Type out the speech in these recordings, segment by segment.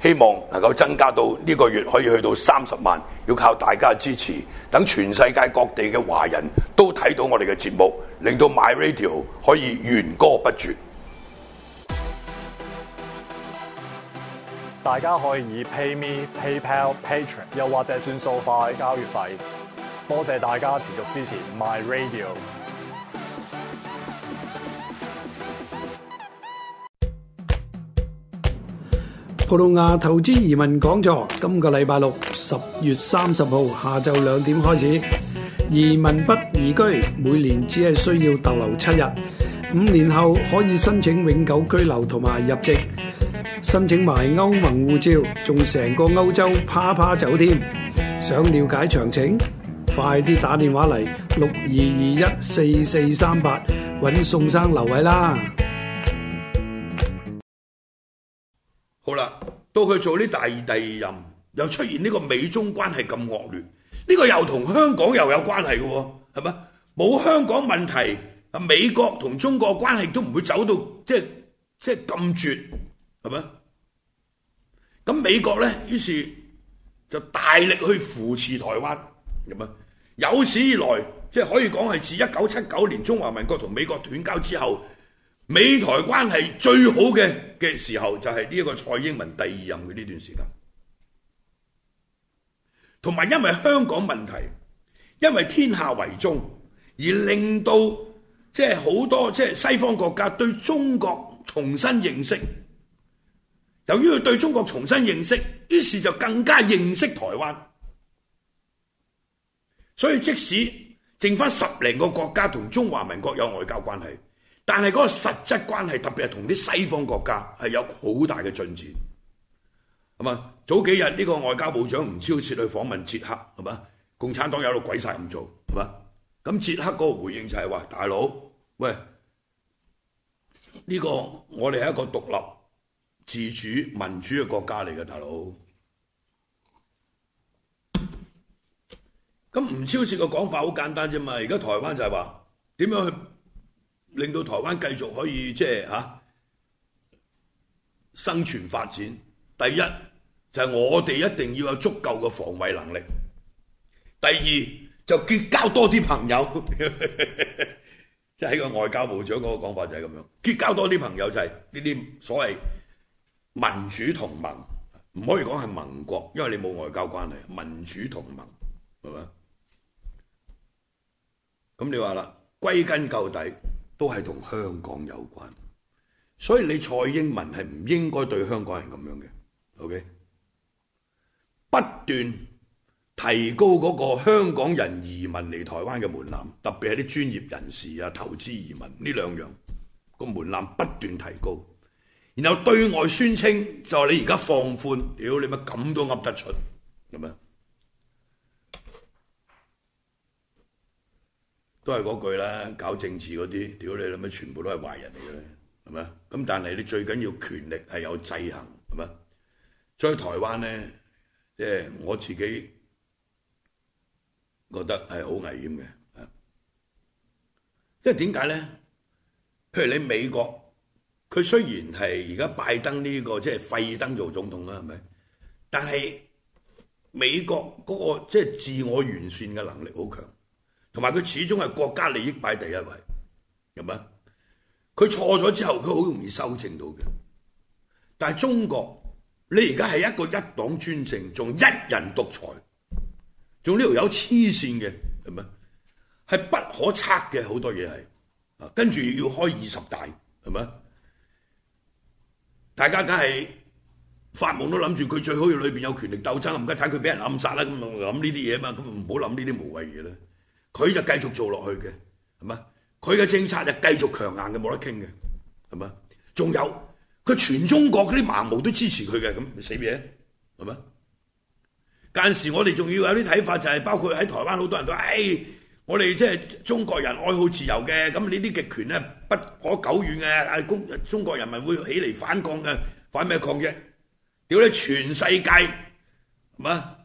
希望能夠增加到呢個月可以去到三十萬，要靠大家支持，等全世界各地嘅華人都睇到我哋嘅節目，令到 My Radio 可以弦歌不絕。大家可以以 PayMe、PayPal、Patreon，又或者轉數快交月費，多謝大家持續支持 My Radio。葡萄牙投資移民講座，今個禮拜六十月三十號下晝兩點開始。移民不移居，每年只係需要逗留七日，五年後可以申請永久居留同埋入籍，申請埋歐盟護照，仲成個歐洲趴趴走添。想了解詳情，快啲打電話嚟六二二一四四三八，搵宋生留位啦。到佢做呢第二第二任，又出現呢個美中關係咁惡劣，呢個又同香港又有關係㗎喎，係咪？冇香港問題，美國同中國關係都唔會走到即係即係咁絕，係咪？咁美國呢，於是就大力去扶持台灣，係咪？有史以來，即係可以講係自一九七九年中華民國同美國斷交之後。美台關係最好嘅嘅時候，就係呢個蔡英文第二任嘅呢段時間，同埋因為香港問題，因為天下為中，而令到即係好多即西方國家對中國重新認識。由於佢對中國重新認識，於是就更加認識台灣。所以即使剩翻十零個國家同中華民國有外交關係。但係嗰個實質關係，特別係同啲西方國家係有好大嘅進展，係嘛？早幾日呢個外交部長吳釗燮去訪問捷克，係嘛？共產黨有到鬼晒咁做，係嘛？咁捷克嗰個回應就係話：「大佬，喂，呢個我哋係一個獨立、自主、民主嘅國家嚟嘅，大佬。咁吳釗燮嘅講法好簡單啫嘛，而家台灣就係話點樣去，令到台灣繼續可以即係吓生存發展，第一就係我哋一定要有足夠嘅防衞能力；第二就結交多啲朋友，即係喺個外交部長嗰個講法就係咁樣，結交多啲朋友就係呢啲所謂民主同盟，唔可以講係盟國，因為你冇外交關係，民主同盟係嘛？咁你話啦，歸根究底。都係同香港有關，所以你蔡英文係唔應該對香港人咁樣嘅，OK？不斷提高嗰個香港人移民嚟台灣嘅門檻，特別係啲專業人士啊、投資移民呢兩樣個門檻不斷提高，然後對外宣稱就話你而家放寬，屌你咪咁都噏得出，咁都係嗰句啦，搞政治嗰啲，屌你諗咩？全部都係壞人嚟嘅，係咪啊？咁但係你最緊要是權力係有制衡，係咪啊？所以台灣咧，即係我自己覺得係好危險嘅，因為點解咧？譬如你美國，佢雖然係而家拜登呢、這個即係、就是、費爾登做總統啦，係咪？但係美國嗰、那個即係、就是、自我完善嘅能力好強。同埋佢始終係國家利益擺第一位，係咪？佢錯咗之後，佢好容易修正到嘅。但係中國，你而家係一個一黨專政，仲一人獨裁，仲呢度有黐線嘅，係咪？係不可測嘅，好多嘢係，啊，跟住要開二十大，係咪？大家梗係發夢都諗住佢最好要裏邊有權力鬥爭，冚家鏟佢俾人暗殺啦，咁諗呢啲嘢嘛，咁唔好諗呢啲無謂嘢咧。佢就繼續做落去嘅，係嘛？佢嘅政策就繼續強硬嘅，冇得傾嘅，係嘛？仲有佢全中國嗰啲盲毛都支持佢嘅，咁死咩係嘛？間嗎時我哋仲要有啲睇法，就係包括喺台灣好多人都誒、哎，我哋即係中國人愛好自由嘅，咁呢啲極權咧不可久遠嘅，係公中國人民會起嚟反抗嘅，反咩抗啫？屌你全世界，係嘛？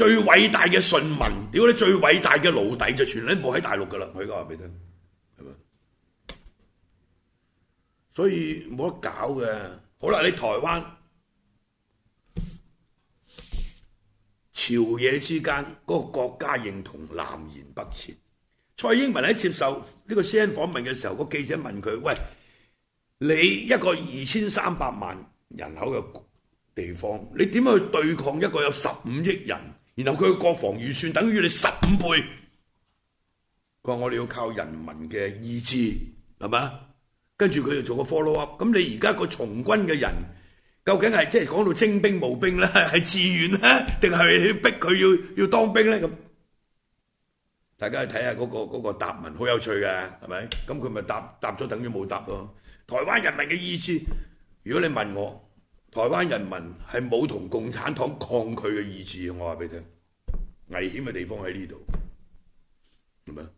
最偉大嘅順民，屌你最偉大嘅奴隸就全部喺大陸噶啦！佢依家話俾你聽，係所以冇得搞嘅。好啦，你台灣朝野之間，嗰個國家認同南轅北轍。蔡英文喺接受呢個 C N 訪問嘅時候，嗰個記者問佢，喂，你一個二千三百萬人口嘅地方，你點樣去對抗一個有十五億人？然後佢嘅國防預算等於你十五倍，佢話我哋要靠人民嘅意志，係咪？跟住佢就做個 follow up 個。咁你而家個從軍嘅人究竟係即係講到徵兵募兵呢？係自願咧，定係逼佢要要當兵呢？咁大家去睇下嗰個嗰個答文，好有趣嘅，係咪？咁佢咪答答咗等於冇答咯。台灣人民嘅意志，如果你問我，台灣人民係冇同共產黨抗拒嘅意志的，我話俾你聽，危險嘅地方喺呢度，明嘛？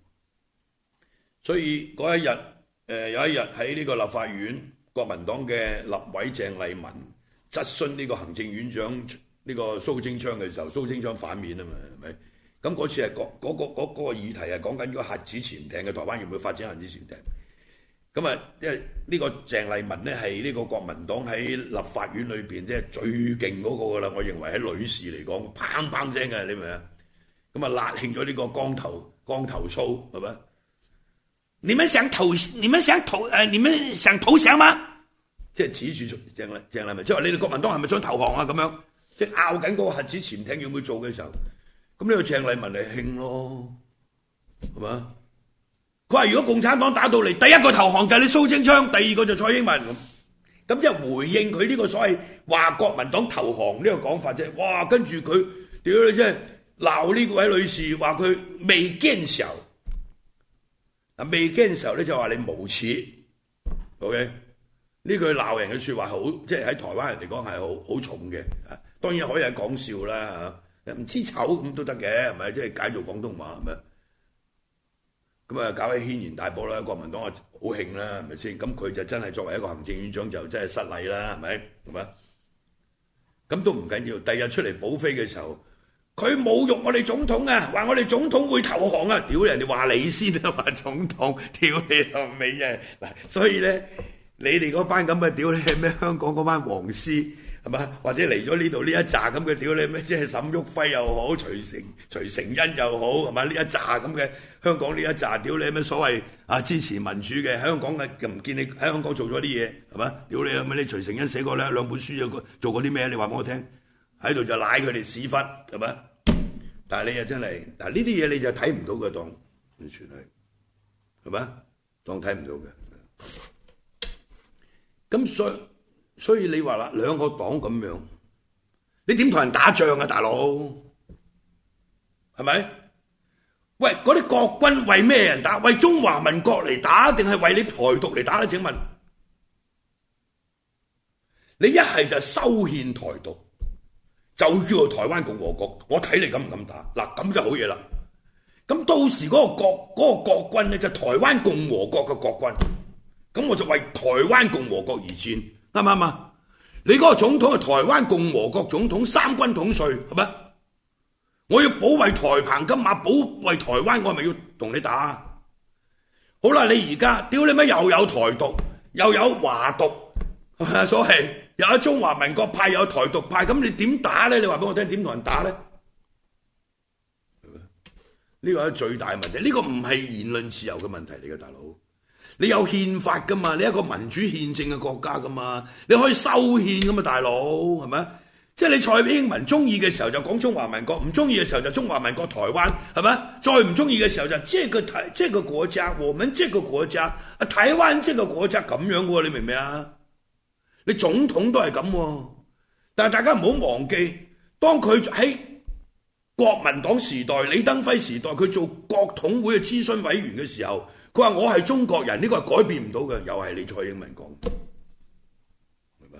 所以嗰一日，誒有一日喺呢個立法院，國民黨嘅立委鄭麗文質詢呢個行政院長呢個蘇貞昌嘅時候，蘇貞昌反面啊嘛，係咪？咁嗰次係嗰嗰嗰嗰個議題係講緊個核子潛艇嘅，台灣有冇會發展核子潛艇？咁啊，即係呢個鄭麗文咧，係呢個國民黨喺立法院裏面，即係最勁嗰個噶啦。我認為喺女士嚟講，砰砰聲嘅，你明唔明？咁啊，辣慶咗呢個光頭光頭蘇，係咪？你們想投？你們想投？誒，你們想投降嗎？即係指住鄭麗鄭麗文，即係話你哋國民黨係咪想投降啊？咁樣即係拗緊個核子潛艇要唔要做嘅時候，咁呢個鄭麗文嚟慶咯，係咪？佢話：如果共產黨打到嚟，第一個投降就係你蘇貞昌，第二個就蔡英文咁。咁即係回應佢呢個所謂話國民黨投降呢個講法啫。哇！跟住佢屌你真係鬧呢位女士，話佢未驚嘅時候，啊未驚嘅時候咧就話你無恥。OK，呢句鬧人嘅説話好，即係喺台灣人嚟講係好好重嘅。當然可以係講笑啦嚇，唔知醜咁都得嘅，係咪？即係解做廣東話係咪？是咁啊，搞起軒然大波啦！國民黨啊，好興啦，係咪先？咁佢就真係作為一個行政院長，就真係失禮啦，係咪？係咪？咁都唔緊要，第日出嚟補飛嘅時候，佢侮辱我哋總統啊，話我哋總統會投降啊！屌人哋話你先啊，話總統，屌你老尾啊！嗱，所以咧，你哋嗰班咁嘅屌你係咩？香港嗰班黃絲。係嘛？或者嚟咗呢度呢一紮咁嘅屌你咩？即係沈旭暉又好，徐成徐成恩又好，係嘛？呢一紮咁嘅香港呢一紮屌你咩所謂啊？支持民主嘅香港嘅，又唔見你喺香港做咗啲嘢係嘛？屌你咁你,你,你,你,你,你徐成恩寫過兩兩本書又做過啲咩？你話俾我聽，喺度就舐佢哋屎忽係嘛？但係你又真係嗱呢啲嘢你就睇唔到嘅，當完全係係嘛？當睇唔到嘅。咁所以你話啦，兩個黨咁樣，你點同人打仗啊，大佬？係咪？喂，嗰啲國軍為咩人打？為中華民國嚟打定係為你台獨嚟打呢？請問，你一係就修憲台獨，就叫台灣共和國。我睇你敢唔敢打？嗱，咁就好嘢啦。咁到時嗰個國嗰、嗰個國軍咧，就係、台灣共和國嘅國軍。咁我就為台灣共和國而戰。啱唔啱啊？你嗰個總統係台灣共和國總統，三軍統帥係咪？我要保衛台澎金馬，今保衛台灣，我係咪要同你打？好啦，你而家屌你咪又有台獨，又有華獨，所係又有中華民國派，又有台獨派，咁你點打咧？你話俾我聽，點同人打咧？呢個係最大問題，呢個唔係言論自由嘅問題嚟嘅，大佬。你有憲法噶嘛？你一個民主憲政嘅國家噶嘛？你可以修憲噶嘛，大佬係咪？即係、就是、你蔡英文中意嘅時候就講中華民國，唔中意嘅時候就中華民國台灣係咪？再唔中意嘅時候就即這個即這個國家，我們即這個國家啊，台灣這個國家咁樣嘅、啊、喎，你明唔明啊？你總統都係咁、啊，但係大家唔好忘記，當佢喺國民黨時代、李登輝時代，佢做國統會嘅諮詢委員嘅時候。佢話我係中國人呢個係改變唔到嘅，又係你蔡英文講，明白？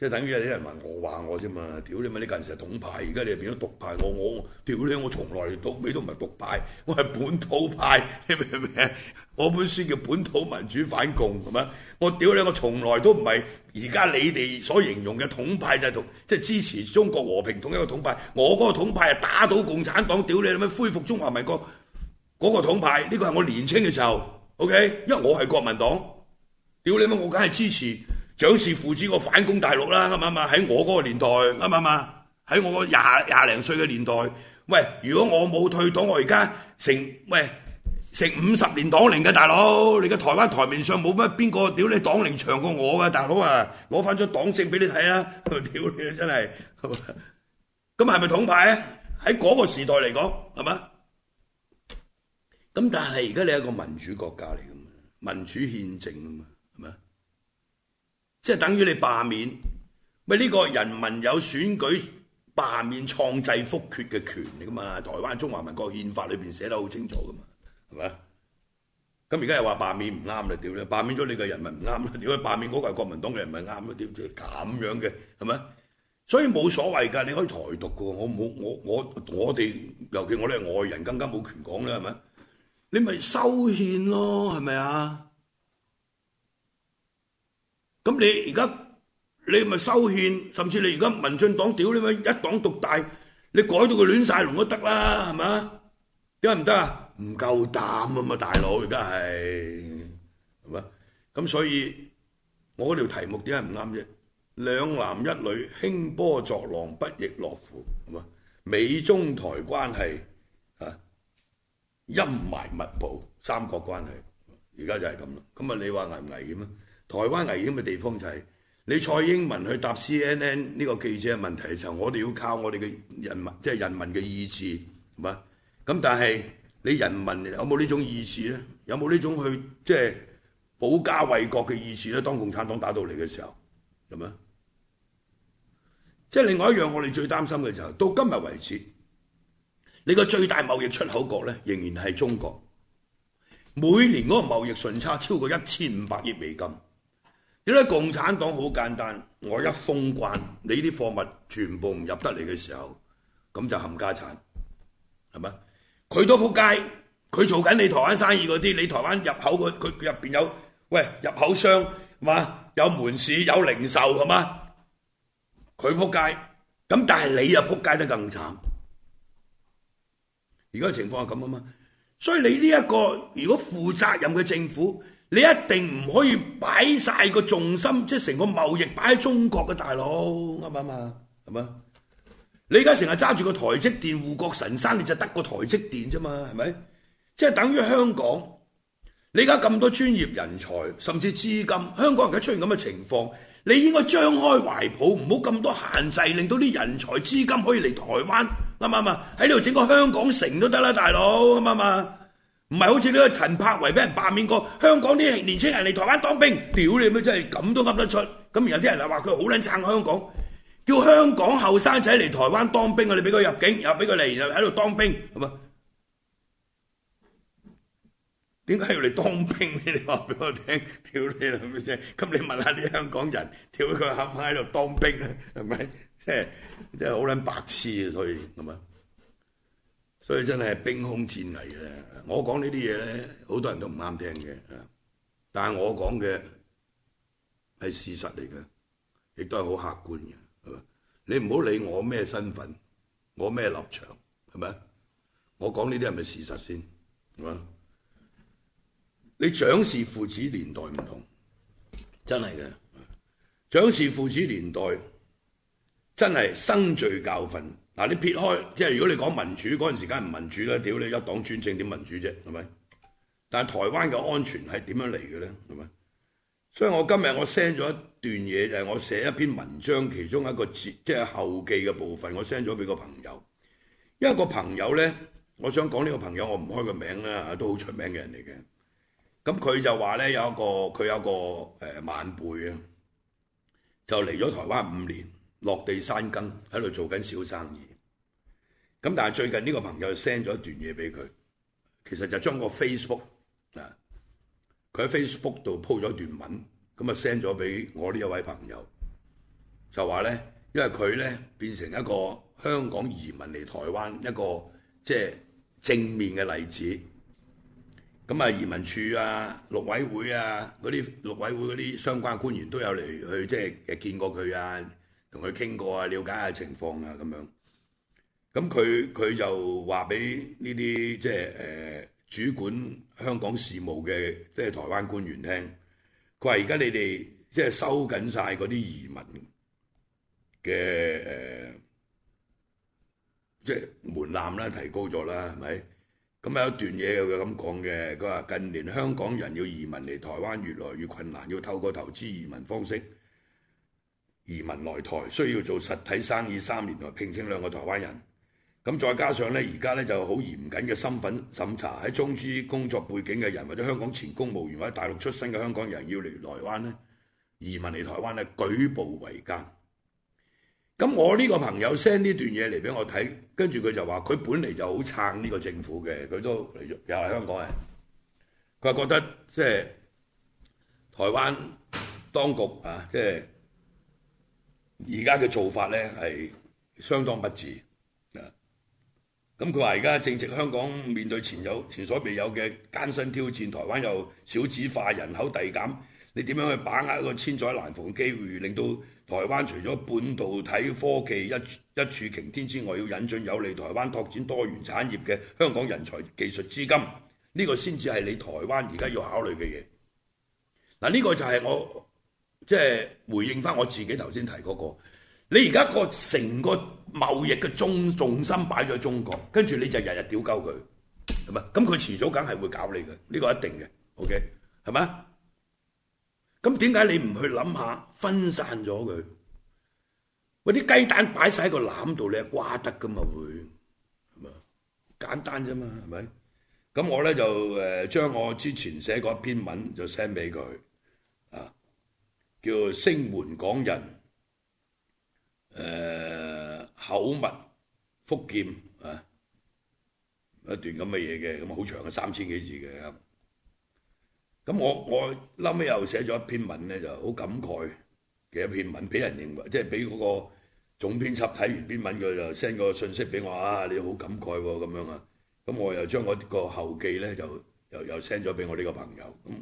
即係等於有啲人問我話我啫嘛？屌你咪你近時係統派，而家你又變咗獨派，我我屌你！我從來都未都唔係獨派，我係本土派，你明唔明？我本書叫《本土民主反共》，係嘛？我屌你！我從來都唔係而家你哋所形容嘅統派，就係同即係支持中國和平統一嘅統派。我嗰個統派係打倒共產黨，屌你你母！恢復中華民國。嗰個統派呢個係我年青嘅時候，OK，因為我係國民黨，屌你媽，我梗係支持蔣氏父子個反攻大陸啦，啱唔啱？喺我嗰個年代，啱唔啱？喺我廿廿零歲嘅年代，喂，如果我冇退黨，我而家成喂成五十年黨齡嘅大佬，你嘅台灣台面上冇乜邊個屌你黨齡長過我嘅大佬啊？攞翻張黨證俾你睇啦，屌你真係，咁係咪統派啊？喺嗰個時代嚟講，係嘛？咁但係而家你係一個民主國家嚟噶嘛？民主憲政啊嘛，係咪？即係等於你罷免，咪呢個人民有選舉罷免創制復決嘅權嚟噶嘛？台灣中華民國憲法裏邊寫得好清楚噶嘛？係咪啊？咁而家又話罷免唔啱啦，屌你罷免咗你嘅人民唔啱啦，屌佢罷免嗰個係國民黨嘅人民唔啱啦，點啫？咁樣嘅係咪？所以冇所謂㗎，你可以台獨噶，我冇我我我哋，尤其我哋係外人更加冇權講啦，係咪？你咪修憲咯，係咪啊？咁你而家你咪修憲，甚至你而家民進黨屌你咪一黨獨大，你改到佢亂晒龍都得啦，係嘛？點解唔得啊？唔夠膽啊嘛，大佬，而家係係嘛？咁所以我嗰條題目點解唔啱啫？兩男一女興波作浪不亦樂乎？係嘛？美中台關係。陰霾密佈，三角關係，而家就係咁啦。咁啊，你話危唔危險啊？台灣危險嘅地方就係、是、你蔡英文去答 C N N 呢個記者嘅問題嘅時候，我哋要靠我哋嘅人民，即、就、係、是、人民嘅意志，係咪？咁但係你人民有冇呢種意志咧？有冇呢種去即係、就是、保家衛國嘅意志咧？當共產黨打到嚟嘅時候，係咪？即、就、係、是、另外一樣，我哋最擔心嘅就係到今日為止。你個最大貿易出口國咧，仍然係中國，每年嗰個貿易順差超過一千五百億美金。點解共產黨好簡單？我一封關，你啲貨物全部唔入得嚟嘅時候，咁就冚家產，係咪？佢都撲街，佢做緊你台灣生意嗰啲，你台灣入口，佢佢入面有喂入口商係嘛？有門市有零售係嘛？佢撲街，咁但係你又撲街得更慘。而家情況係咁啊嘛，所以你呢、這、一個如果負責任嘅政府，你一定唔可以擺晒個重心，即係成個貿易擺喺中國嘅大佬，啱唔啱啊？係咪？你而家成日揸住個台積電護國神山，你就得個台積電啫嘛，係咪？即、就、係、是、等於香港，你而家咁多專業人才甚至資金，香港而家出現咁嘅情況，你應該張開懷抱，唔好咁多限制，令到啲人才資金可以嚟台灣。啱唔啱啊？喺呢度整個香港城都得啦，大佬，啱唔啱？唔係好似呢個陳柏惟俾人罷免過，香港啲年青人嚟台灣當兵，屌你咩？真係咁都噏得出？咁而有啲人又話佢好撚撐香港，叫香港後生仔嚟台灣當兵，我哋俾佢入境，又俾佢嚟，又喺度當兵，係嘛？點解要嚟當兵咧？你話俾我聽，屌你係咪先？咁你問下啲香港人，屌佢冚家喺度當兵啊？係咪？即係好撚白痴，所以咁啊！所以真係兵凶戰危咧。我講呢啲嘢咧，好多人都唔啱聽嘅。但係我講嘅係事實嚟嘅，亦都係好客觀嘅。你唔好理我咩身份，我咩立場，係咪啊？我講呢啲係咪事實先？你蔣氏父子年代唔同，真係嘅。蔣氏父子年代。真係生罪教訓嗱！你撇開即係，如果你講民主嗰陣時，梗唔民主啦，屌你一黨專政點民主啫？係咪？但係台灣嘅安全係點樣嚟嘅咧？係咪？所以我今日我 send 咗一段嘢，就係、是、我寫一篇文章其中一個字，即係後記嘅部分，我 send 咗俾個朋友。因為個朋友咧，我想講呢個朋友，我唔開個名啦，都好出名嘅人嚟嘅。咁佢就話咧，有一個佢有一個誒、呃、晚輩啊，就嚟咗台灣五年。落地生根喺度做緊小生意咁，但係最近呢個朋友 send 咗一段嘢俾佢，其實就將個 Facebook 啊，佢喺 Facebook 度 po 咗段文，咁啊 send 咗俾我呢一位朋友，就話咧，因為佢咧變成一個香港移民嚟台灣一個即係、就是、正面嘅例子，咁啊，移民處啊、陸委會啊嗰啲陸委會嗰啲相關官員都有嚟去即係誒見過佢啊。同佢傾過啊，了解下情況啊，咁樣。咁佢佢就話俾呢啲即係誒主管香港事務嘅即係台灣官員聽，佢話而家你哋即係收緊晒嗰啲移民嘅誒，即係門檻啦，提高咗啦，係咪？咁有一段嘢佢咁講嘅，佢話近年香港人要移民嚟台灣越來越困難，要透過投資移民方式。移民來台需要做實體生意，三年內聘請兩個台灣人，咁再加上咧，而家咧就好嚴謹嘅身份審查，喺中資工作背景嘅人或者香港前公務員或者大陸出身嘅香港人要嚟台灣咧，移民嚟台灣咧舉步維艱。咁我呢個朋友 send 呢段嘢嚟俾我睇，跟住佢就話佢本嚟就好撐呢個政府嘅，佢都又係香港人，佢話覺得即係、即係、台灣當局啊，即係、即係。而家嘅做法呢，係相當不智，啊！咁佢話：而家正值香港面對前有前所未有嘅艱辛挑戰，台灣又少子化、人口遞減，你點樣去把握一個千載難逢嘅機會，令到台灣除咗半導體科技一一柱擎天之外，要引進有利台灣拓展多元產業嘅香港人才、技術、資金，呢個先至係你台灣而家要考慮嘅嘢。嗱、啊，呢個就係我。即係回應翻我自己頭先提嗰個，你而家個成個貿易嘅重重心擺咗中國，跟住你就日日屌鳩佢，係咪？咁佢遲早梗係會搞你嘅，呢個一定嘅，OK，係咪？咁點解你唔去諗下分散咗佢？我啲雞蛋擺晒喺個籃度咧，瓜得㗎嘛會，係咪？簡單啫嘛，係咪？咁我咧就誒將我之前寫過一篇文就 send 俾佢。叫聲援港人，誒、呃、口蜜腹劍啊，一段咁嘅嘢嘅，咁好長嘅三千幾字嘅。咁、啊、我我後尾又寫咗一篇文咧，就好感慨嘅一篇文，俾人認為即係俾嗰個總編輯睇完篇文佢就 send 個信息俾我啊，你好感慨喎咁樣啊，咁我又將我個後記咧就又又 send 咗俾我呢個朋友咁。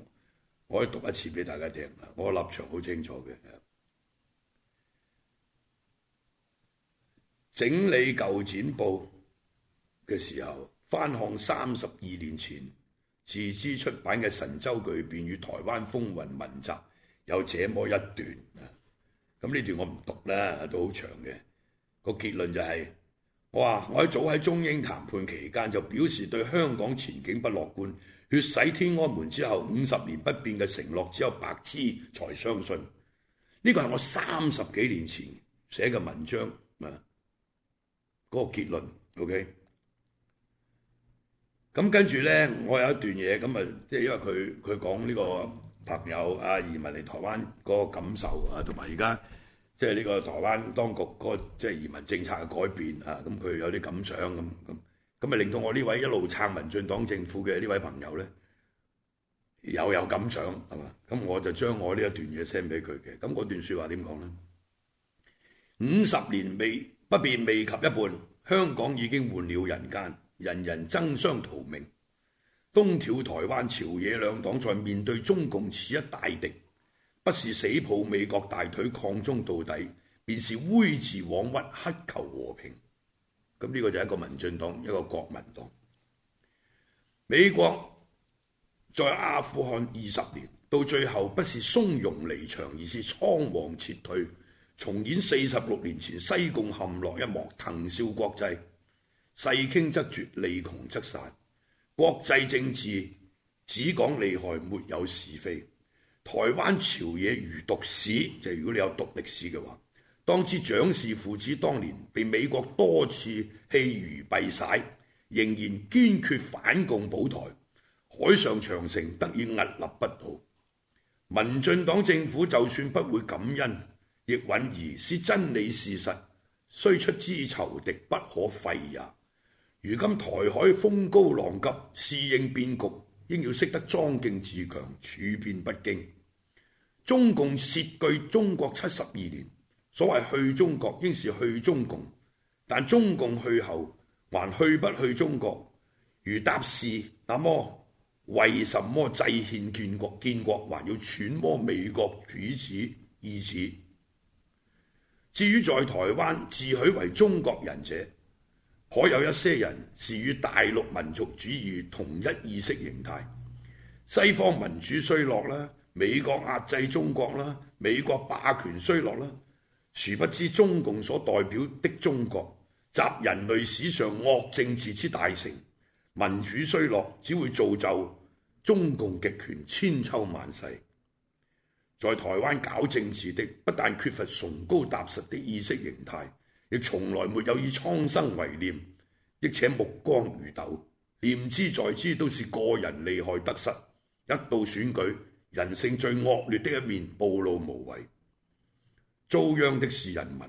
我可以讀一次俾大家聽啦，我立場好清楚嘅。整理舊剪報嘅時候，翻看三十二年前自資出版嘅《神州巨變》與《台灣風雲》文集，有這麼一段。咁呢段我唔讀啦，都好長嘅。那個結論就係、是。我話我喺早喺中英談判期間就表示對香港前景不樂觀，血洗天安門之後五十年不變嘅承諾只有白痴才相信。呢個係我三十幾年前寫嘅文章啊，嗰個結論。OK，咁跟住呢，我有一段嘢咁啊，即係因為佢佢講呢個朋友啊移民嚟台灣嗰個感受啊，同埋而家。即係呢個台灣當局嗰即係移民政策嘅改變啊，咁佢有啲感想咁咁，咁咪令到我呢位一路撐民進黨政府嘅呢位朋友呢，又有，有感想係嘛？咁我就將我呢一段嘢 send 俾佢嘅，咁嗰段説話點講呢？五十年未不變未及一半，香港已經換了人間，人人爭相逃命。東條台灣朝野兩黨在面對中共此一大敵。不是死抱美國大腿抗中到底，便是灰指枉屈乞求和平。咁呢個就係一個民進黨，一個國民黨。美國在阿富汗二十年，到最後不是松容離場，而是倉皇撤退，重演四十六年前西貢陷落一幕。騰笑國際，勢傾則絕，利窮則散。國際政治只講利害，沒有是非。台灣朝野如讀史，就係、是、如果你有讀歷史嘅話，當知蔣氏父子當年被美國多次棄如敝屣，仍然堅決反共保台，海上長城得以屹立不倒。民進黨政府就算不會感恩，亦允疑是真理事實，雖出之仇敵不可廢也。如今台海風高浪急，適應變局，應要識得莊敬自強，處變不驚。中共涉據中國七十二年，所謂去中國，應是去中共。但中共去後，還去不去中國？如答是，那麼為什麼制憲建國、建國還要揣摩美國主子意旨？至於在台灣自許為中國人者，可有一些人是與大陸民族主義同一意識形態。西方民主衰落啦。美國壓制中國啦，美國霸權衰落啦，殊不知中共所代表的中國集人類史上惡政治之大成，民主衰落，只會造就中共極權千秋萬世。在台灣搞政治的不但缺乏崇高踏實的意識形態，亦從來沒有以蒼生為念，亦且目光如豆，念之在之都是個人利害得失，一到選舉，人性最惡劣的一面暴露無遺，遭殃的是人民。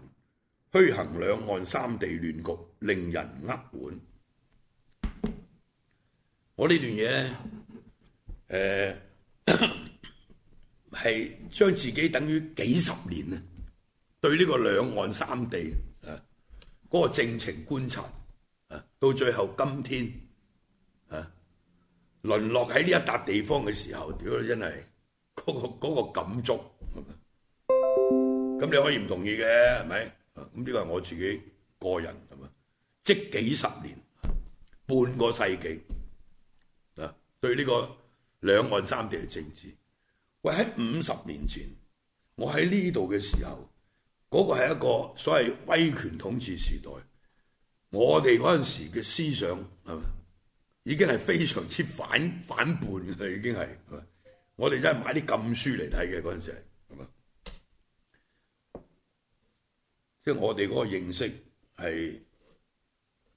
虛行兩岸三地亂局，令人扼腕。我呢段嘢咧，誒、呃、係將自己等於幾十年咧，對呢個兩岸三地誒嗰個政情觀察誒，到最後今天誒淪落喺呢一笪地方嘅時候，屌真係～嗰個嗰個感觸，係嘛，咁你可以唔同意嘅，係咪？咁呢個係我自己個人係嘛，即幾十年、半個世紀啊，對呢個兩岸三地嘅政治。喂，喺五十年前，我喺呢度嘅時候，嗰個係一個所謂威權統治時代，我哋嗰陣時嘅思想係嘛，已經係非常之反反叛啦，已經係。我哋真係買啲禁書嚟睇嘅嗰陣時，係係嘛？即係我哋嗰個認識係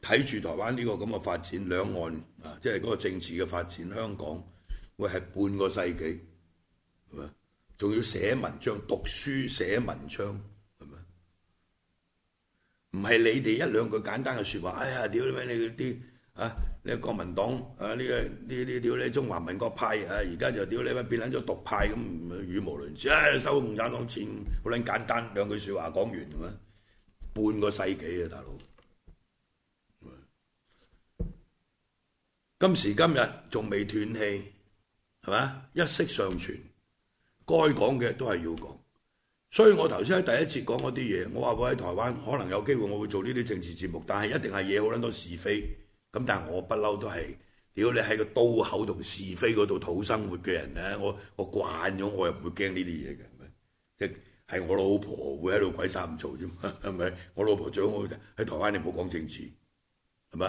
睇住台灣呢個咁嘅發展，兩岸啊，即係嗰個政治嘅發展，香港會係半個世紀，係嘛？仲要寫文章、讀書、寫文章，係嘛？唔係你哋一兩句簡單嘅説話，哎呀屌咩你啲？啊！你個國民黨啊，呢個呢呢條呢中華民國派啊，而家就屌你咪變撚咗獨派，咁語無倫次啊，收共產黨錢好撚簡單兩句説話講完係嘛？半個世紀啊，大佬！今時今日仲未斷氣係嘛？一息尚存，該講嘅都係要講。所以我頭先喺第一節講嗰啲嘢，我話我喺台灣可能有機會，我會做呢啲政治節目，但係一定係惹好撚多是非。咁但係我不嬲都係，屌你喺個刀口同是非嗰度討生活嘅人咧，我我慣咗我又唔會驚呢啲嘢嘅，即係、就是、我老婆會喺度鬼三唔嘈啫嘛，係咪？我老婆長我喺台灣你唔好講政治，係咪？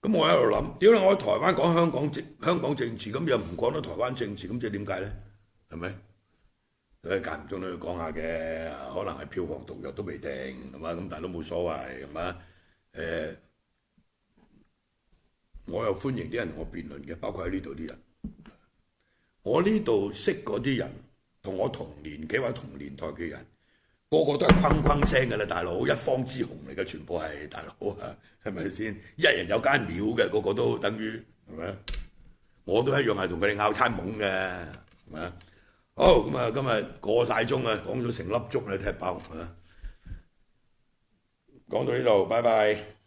咁我喺度諗，屌你我喺台灣講香港政香港政治，咁又唔講到台灣政治，咁即係點解咧？係咪？誒間唔中都要講下嘅，可能係票房毒藥都未定係嘛，咁但係都冇所謂係嘛？誒。呃我又歡迎啲人同我辯論嘅，包括喺呢度啲人。我呢度識嗰啲人，同我同年紀或者同年代嘅人，個個都係坤坤聲嘅啦，大佬，一方之雄嚟嘅，全部係大佬啊，係咪先？一人有間廟嘅，個個都等於係咪啊？我都一樣係同佢哋拗餐懵嘅，係咪啊？好咁啊，今日過晒鐘啊，講咗成粒鐘啦，踢爆啊！講到呢度，拜拜。